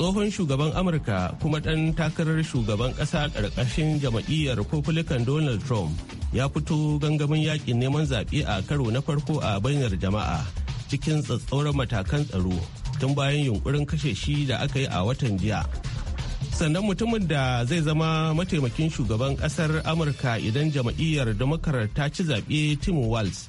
tsohon shugaban amurka kuma ɗan takarar shugaban ƙasa ƙarƙashin jam'iyyar republican donald trump ya fito gangamin yakin neman zaɓe a karo na farko a bayyanar jama'a cikin tsatsauran matakan tsaro tun bayan yunkurin kashe shi da aka yi a watan jiya sannan mutumin da zai zama mataimakin shugaban ƙasar amurka idan jam'iyyar democrat ta ci zaɓe tim walz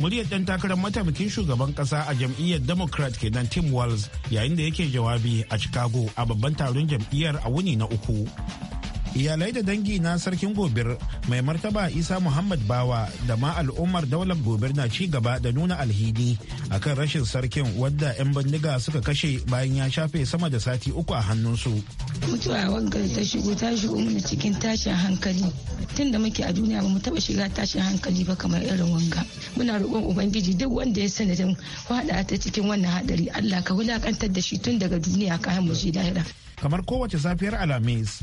muryar ɗan takarar mataimakin shugaban ƙasa a jam'iyyar democrat kenan tim walz yayin da yake jawabi a chicago a babban taron jam'iyyar a wuni na uku iyalai da dangi na sarkin gobir mai martaba isa muhammad bawa da ma al'ummar daular gobir na ci gaba da nuna alhidi akan rashin sarkin wadda 'yan bindiga suka kashe bayan ya shafe sama da sati uku a hannunsu mutuwa wangar ta shigo ta shigo mana cikin tashin hankali tun da muke a duniya bamu taba shiga tashin hankali ba kamar irin wanga muna roƙon ubangiji duk wanda ya sanadin faɗa ta cikin wannan haɗari allah ka wulakantar da shi tun daga duniya ka mu shi lahira kamar kowace safiyar alhamis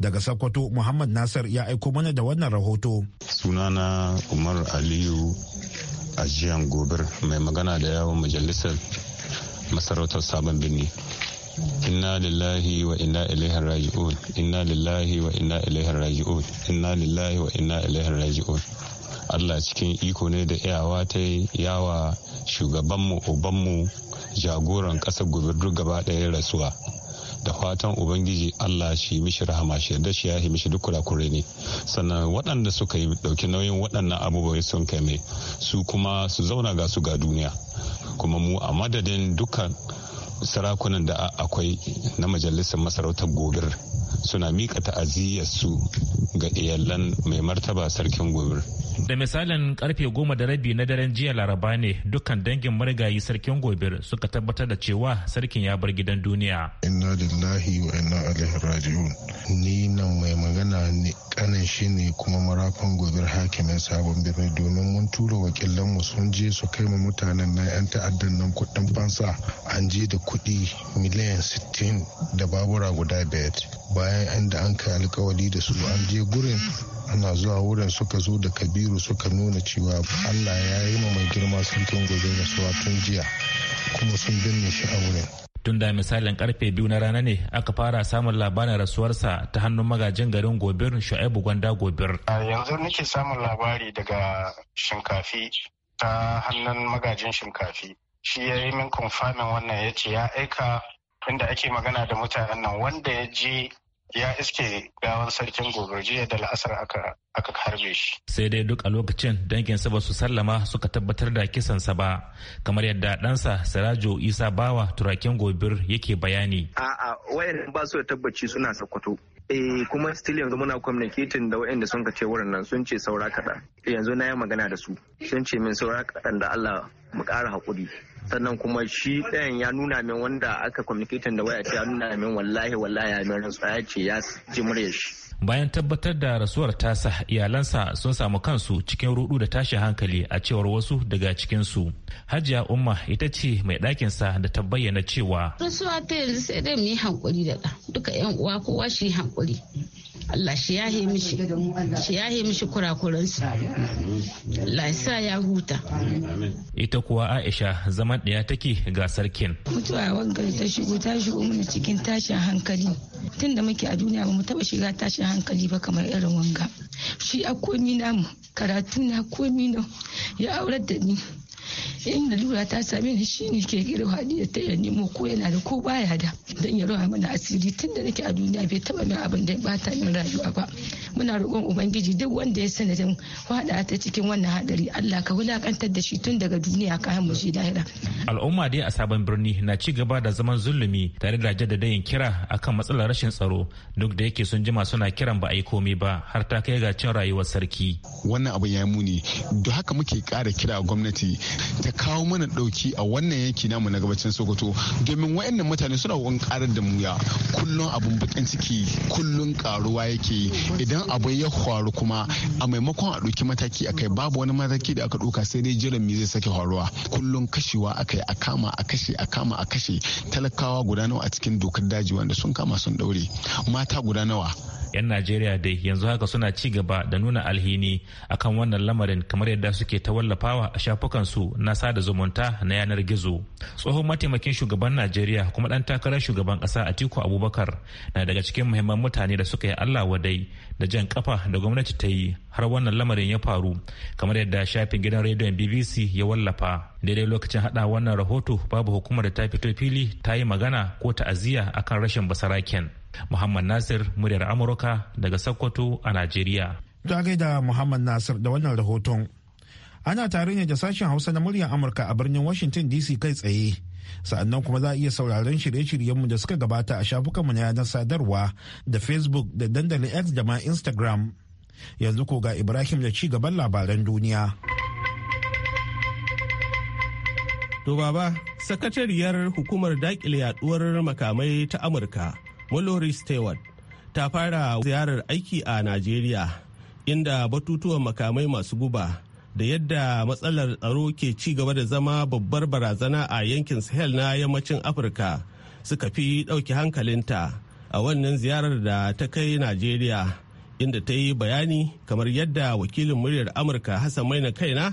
Daga Sokoto Muhammad Nasir ya aiko mana da wannan rahoto. Sunana Umar Aliyu a jiyan gobir mai magana da yawon majalisar masarautar sabon birni. inna lillahi wa inna ilaihi raji'un inna lillahi wa inna ilaihi raji'un inna lillahi wa inna ilaihi raji'un Allah cikin iko ne da iyawa ta yawa shugabanmu obanmu jagoran ƙasar gobe duk gaba ɗaya rasuwa da fatan ubangiji allah shi mishi rahama shi yarda shi ya yi mishi duk kurakure ne sannan waɗanda suka yi ɗauki nauyin waɗannan abubuwa sun kai su kuma su zauna ga su ga duniya kuma mu a madadin dukkan sarakunan da akwai na majalisar masarautar gobir suna mika su ga iyalan mai martaba sarkin gobir da misalin karfe goma da rabi na daren jiya laraba ne dukkan dangin marigayi sarkin gobir suka tabbatar da cewa sarkin ya bar gidan duniya inna lillahi wa inna ilaihi raji'un ni nan mai magana ne kanan shi ne kuma marafan gobir hakimin sabon birni domin mun tura wakilan mu sun je su kai mu mutanen na yan ta'addan nan kuɗin fansa an je da kuɗi miliyan 60 da babura guda biyar bayan inda an kai alkawari da su an je gurin ana zuwa wurin suka zo da kabiru suka nuna cewa allah ya yi ma mai girma sarkin gobe da suwa tun jiya kuma sun binne shi a wurin tun da misalin karfe biyu na rana ne aka fara samun labarin rasuwarsa ta hannun magajin garin gobir shu'aibu gwanda gobir yanzu nake samun labari daga shinkafi ta hannun magajin shinkafi shi ya yi min confirming wannan ya ce ya aika inda ake magana da mutanen nan wanda ya je ya iske gawan sarkin gobe jiya da la'asar aka harbe shi. Sai dai duk a lokacin danginsa ba su sallama suka tabbatar da kisansa ba kamar yadda ɗansa Sirajo Isa Bawa turakin gobir yake bayani. A'a wayan ba su da tabbaci suna sakwato. eh kuma still yanzu muna communicating da waɗanda sun kace wurin nan sun ce saura kaɗan yanzu na yi magana da su sun ce min saura kaɗan da Allah mu ƙara haƙuri sannan kuma shi ɗayan ya nuna min wanda aka communicating da waya ya nuna min wallahi wallahi ya min rantsuwa ya ce ya ji muryar shi bayan tabbatar da rasuwar tasa iyalansa sun samu kansu cikin rudu da tashi hankali a cewar wasu daga cikinsu hajiya umma ita ce mai ɗakinsa da ta bayyana cewa rasuwa ta yanzu sai dai mu yi hankuri da duka yan uwa kowa shi hankuri Allah shi yi mishi shi ya yi mishi kurakuransu Allah sa ya huta ita kuwa Aisha zaman ɗaya take ga sarkin mutuwa wanga ta shigo ta shigo mana cikin tashin hankali tun da muke a duniya ba mu taba shiga tashin hankali ba kamar irin wanga shi a komi namu karatu na komi na ya aurar da ni in lura ta same ni shine ke gero ya ta ya nemo ko yana da ko baya da dan ya rawa mana asiri tun da nake a duniya bai taba min abin da ya bata min rayuwa ba muna roƙon ubangiji duk wanda ya dan wada ta cikin wannan hadari Allah ka wulakantar da shi tun daga duniya kayan mu shi lahira al'umma dai a sabon birni na ci gaba da zaman zulumi tare da jaddadayin kira akan matsalar rashin tsaro duk da yake sun jima suna kiran ba a yi komai ba har ta kai ga cin rayuwar sarki wannan abin ya muni da haka muke kara kira gwamnati ta kawo mana dauki a wannan yanki namu na gabacin sokoto domin wayannan mutane suna wani karar da muya kullum abun bakin ciki kullum karuwa yake idan abu ya faru kuma a maimakon a dauki mataki akai babu wani mataki da aka ɗauka sai dai jiran me zai sake faruwa kullum kashewa akai a kama a kashe a kama a kashe talakawa guda nawa a cikin dokar daji wanda sun kama sun daure mata guda nawa 'yan najeriya dai yanzu haka suna ci gaba da nuna alhini akan wannan lamarin kamar yadda suke ta wallafawa a shafukansu na sada zumunta na yanar gizo tsohon mataimakin shugaban najeriya kuma dan takarar shugaban kasa atiku abubakar na daga cikin muhimman mutane da suka yi allah wadai da jan kafa da gwamnati ta yi har wannan lamarin ya faru kamar yadda shafin gidan rediyon bbc ya wallafa daidai lokacin hada wannan rahoto babu hukumar da ta fito fili ta yi magana ko ta'aziyya akan rashin basaraken muhammad nasir muryar amurka daga sokoto a najeriya ta da muhammad nasir da wannan rahoton ana tare ne da sashen hausa na muryar amurka a birnin washington dc kai tsaye sa'annan kuma za a iya sauraron shirye-shiryenmu da suka gabata a shafukanmu na yanar sadarwa da facebook da dandalin x da ma instagram yanzu ko ga ibrahim da ci gaban labaran duniya to baba sakatariyar hukumar dakile yaduwar makamai ta amurka mallory stewart ta fara ziyarar aiki a najeriya inda batutuwan makamai masu guba da yadda matsalar tsaro ke ci gaba da zama babbar barazana a yankin sahel na yammacin afirka suka fi ɗauki hankalinta a wannan ziyarar da ta kai najeriya inda ta yi bayani kamar yadda wakilin muryar amurka hassan na kaina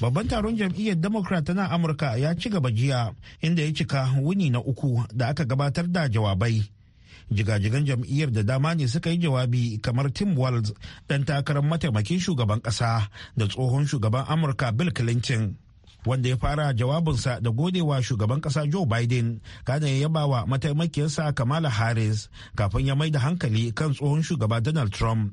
babban taron jam'iyyar democrat na amurka ya ci gaba jiya inda ya cika wuni na uku da aka gabatar da jawabai jigajigan jam'iyyar da dama ne suka yi jawabi kamar tim walz dan takarar mataimakin shugaban kasa da tsohon shugaban amurka bill clinton wanda ya fara jawabinsa da godewa shugaban kasa Joe Biden kada ya yaba wa mataimakiyarsa Kamala Harris kafin ya mai da hankali kan tsohon shugaba Donald Trump.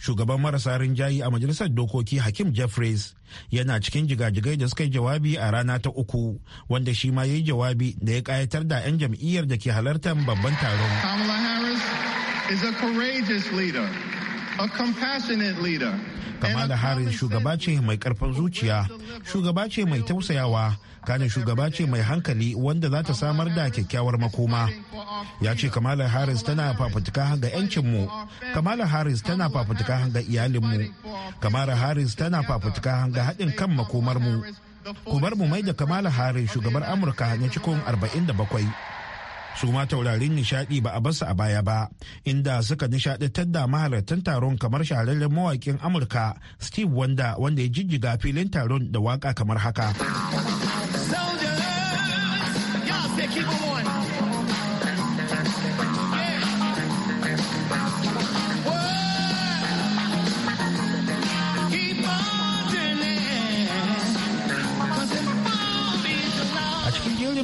shugaban marasa rinjayi a majalisar dokoki hakim jeffries yana cikin jigajigai da suka yi jawabi a rana ta uku wanda shi ma ya yi jawabi da ya kayatar da 'yan jam'iyyar da ke halartar babban taron kamala harris shugaba ce mai karfin zuciya shugaba ce mai tausayawa kane shugaba ce mai hankali wanda za ta samar da kyakkyawar makoma ya ce kamala harris tana fafutuka ga 'yancinmu kamala harris tana fafutuka ga iyalinmu kamala harris tana fafutuka ga haɗin kan makomarmu ku bar mu mai da kamala harris shugabar amurka na cikin 47 su ma taurarin nishadi ba a basu a baya ba inda suka nishadantar da mahalartan taron kamar shahararren mawakin amurka steve wanda wanda ya jijjiga filin taron da waka kamar haka.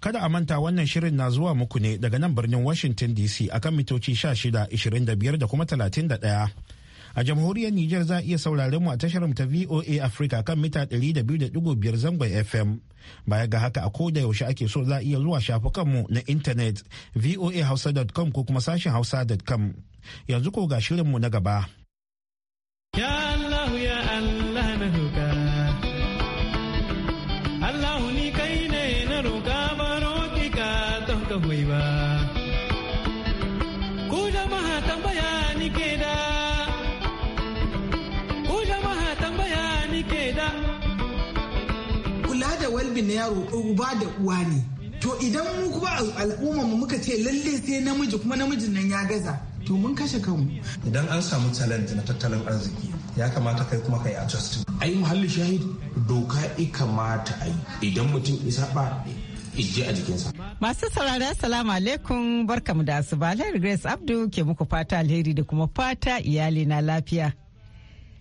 Kada a manta wannan shirin na zuwa muku ne daga nan birnin Washington DC akan mitoci 16, 25 da kuma 31. a jamhuriyar Nijar za a iya sauraren mu a tashar ta VOA Africa kan mita 200.5 zangon FM. Baya ga haka a koda yaushe ake so za a iya zuwa shafukan mu na intanet voahausa.com ko kuma sashen hausa.com. Yanzu ko ga shirin mu na gaba. development na yaro uba da uwa ne to idan mu kuma al'umma mu muka ce lalle sai namiji kuma namijin nan ya gaza to mun kashe kanmu idan an samu talent na tattalin arziki ya kamata kai kuma kai adjusting ai muhalli shahid doka i kamata ai idan mutum isa ba ije a jikinsa. Masu saurari assalamu alaikum barkamu da asuba Alheri Grace Abdu ke muku fata alheri da kuma fata iyali na lafiya.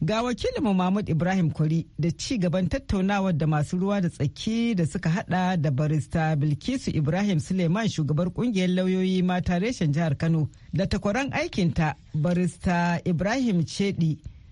Ga wakilinmu Mahmud Ibrahim kori da ci gaban tattaunawar da masu ruwa da tsaki da suka hada da barista Bilkisu Ibrahim Suleiman shugabar kungiyar lauyoyi mata reshen jihar Kano da takwaran aikinta barista Ibrahim Chedi.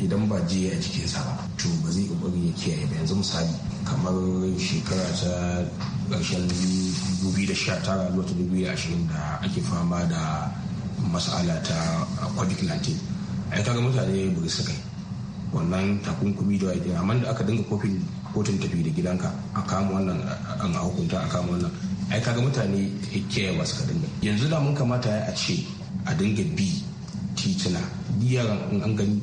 idan ba je a jikinsa ba to ba zai kokari ya kiyaye ba yanzu misali kamar shekara ta ƙarshen 2019 zuwa 2020 da ake fama da mas'ala ta covid-19 ai kaga mutane ba su kai wannan takunkumi da wajen amma da aka dinga kofin kotun tafi da gidanka a kama wannan an hukunta a kama wannan ai kaga mutane kiyaye ba su dinga yanzu da mun kamata a ce a dinga bi titina diyar an gani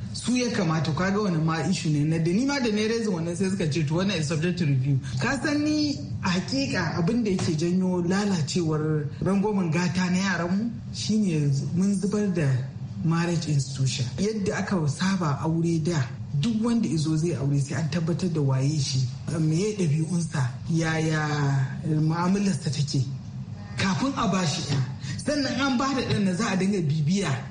su ya kamata kaga wani ma ishu ne na da ni ma da ne rezin wannan sai suka ce to wannan is subject to review ka san ni hakika abin da yake janyo lalacewar rangwamen gata na yaran mu shine mun zubar da marriage institution yadda aka saba aure da duk wanda izo zai aure sai an tabbatar da waye shi ya ɗabi'unsa yaya mu'amalarsa take kafin a bashi ɗan sannan an ba da ɗan na za a dinga bibiya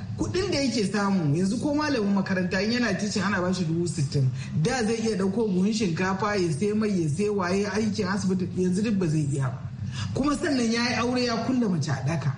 kuɗin da yake samu yanzu ko malamin makaranta in yana ticin ana ba shi dubu sittin da zai iya ɗauko buhun shinkafa ya sai mai ya sai waye aikin asibiti yanzu duk ba zai iya kuma sannan ya yi aure ya kulle mace a daka.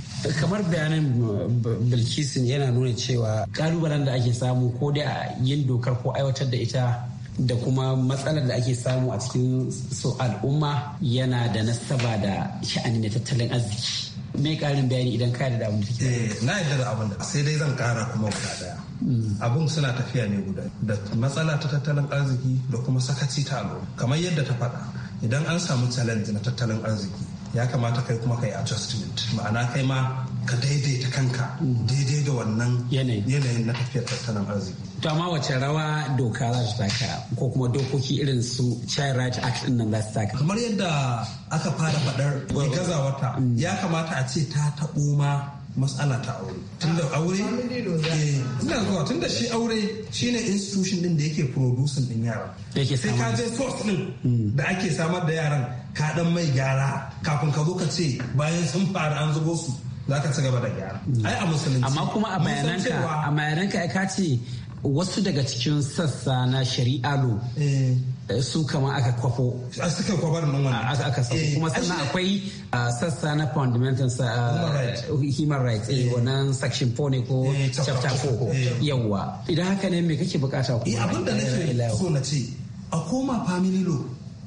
kamar bayanin eh, bilkisin yana nuna cewa kalubalen da ake samu ko da yin dokar ko aiwatar da ita da kuma matsalar da ake samu a cikin su al'umma yana da nasaba da sha'anin tattalin arziki mai karin bayani idan ka da abin da ke eh, na yadda da abin da sai dai zan kara kuma guda daya hmm. abun suna tafiya ne guda da matsala ta tattalin arziki da kuma sakaci ta al'umma kamar yadda ta faɗa idan an samu challenge na tattalin arziki ya kamata kai kuma kai adjustment ma'ana kai ma ka daidaita kanka daidai da wannan yanayin na tafiyar tattalin arziki to amma wace rawa doka za su taka ko kuma dokoki irin su child right act din nan za su taka kamar yadda aka fara faɗar gaza wata mm. ya kamata a ce ta taɓo ma matsala ta aure tun da aure eh, ina zuwa tun da shi aure shine institution din da yake producing din yara sai ka je source din hmm. da ake samar da yaran ka dan mai gyara kafin ka zo ka ce bayan sun fara an zubo su za ka ci gaba da gyara hmm. ai a musulunci amma kuma a bayananka a bayananka ka ce wasu daga cikin sassa na shari'a lo eh. Eh, su kama aka kwafo a ah, suka kwabar nan wannan ah, aka samu eh, kuma sannan akwai ah, sassa na fundamental human rights eh, wannan section 4 ne ko chapter 4 yawwa idan haka ne me kake bukata ku abin da nake so na ce a koma family law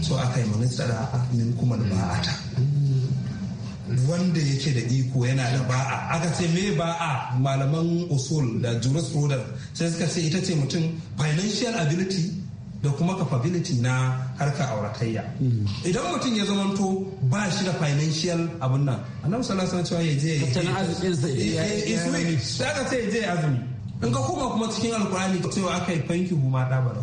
so aka yi manistara min kuma da ba'ata wanda yake da iko yana da ba'a aka ce me ba'a malaman usul da jurisprudence sai suka ce ita ce mutum financial ability da kuma capability na harkar auratayya idan mutum ya zamanto ba shi da financial abun nan annabi sallallahu alaihi wasallam ya je ya tattalin arzikin sa ya eh, eh, ya je azumi in ka koma kuma cikin alkurani cewa aka yi fanki huma da ba da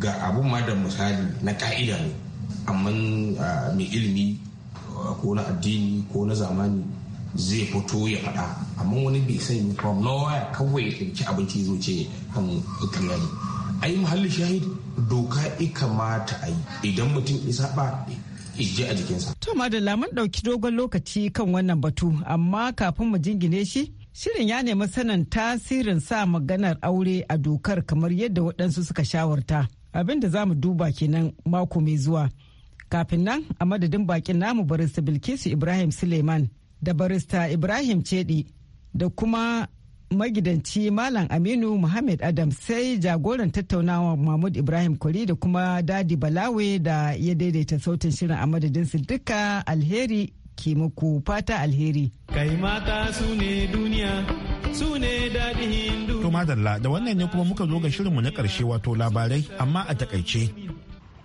ga abun ma da misali na ka'ida ne amma mai ilimi ko na addini ko na zamani zai fito ya faɗa amma wani bai sani from nowhere kawai ya ɗauki abinci zo ce kan kariya a ai muhalli shahid doka ika mata a yi idan mutum isa ba ije a jikinsa. to madalla mun ɗauki dogon lokaci kan wannan batu amma kafin mu jingine shi Shirin ya nemi sanin tasirin sa maganar aure a dokar kamar yadda waɗansu suka shawarta. Abin da za mu duba kenan mako mai zuwa. Kafin nan a madadin bakin namu barista Bilkisu Ibrahim Suleiman da barista Ibrahim Cedi da kuma magidanci Malam Aminu Muhammad Adam sai jagoran tattaunawa Mahmud Ibrahim Kuri da kuma Dadi Balawe da ya daidaita sautin shirin a madadinsu duka alheri ke muku fata alheri. Kai mata su ne duniya, su ne daɗin hindu. To madalla da wannan ne kuma muka zo ga shirinmu na ƙarshe wato labarai amma a takaice.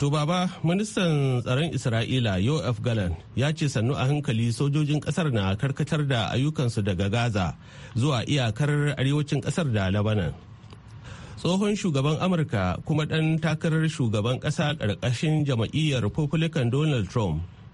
To baba, ministan tsaron Isra'ila Yoav Galan ya ce sannu a hankali sojojin ƙasar na karkatar da ayyukansu daga Gaza zuwa iyakar arewacin ƙasar da Lebanon. Tsohon shugaban Amurka kuma ɗan takarar shugaban ƙasa ƙarƙashin jama'iyyar Republican Donald Trump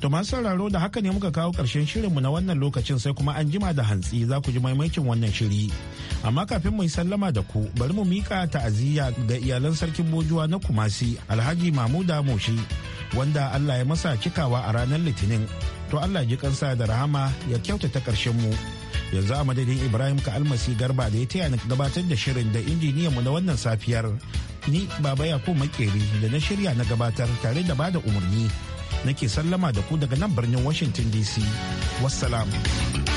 To masu sauraro da haka ne muka kawo ƙarshen shirinmu na wannan lokacin sai kuma an jima da hantsi za ku ji maimakin wannan shiri. Amma kafin mu yi sallama da ku bari mu mika ta'aziyya ga iyalan sarkin bojuwa na Kumasi Alhaji Mamuda Moshi wanda Allah ya masa cikawa a ranar Litinin. To Allah ji kansa da rahama ya kyautata ƙarshen mu. Yanzu a madadin Ibrahim ka almasi garba da ya taya ni gabatar da shirin da injiniyan mu na wannan safiyar. Ni Baba ko Makeri da na shirya na gabatar tare da bada umarni. nake sallama da ku daga nan birnin Washington DC. Wassalamu.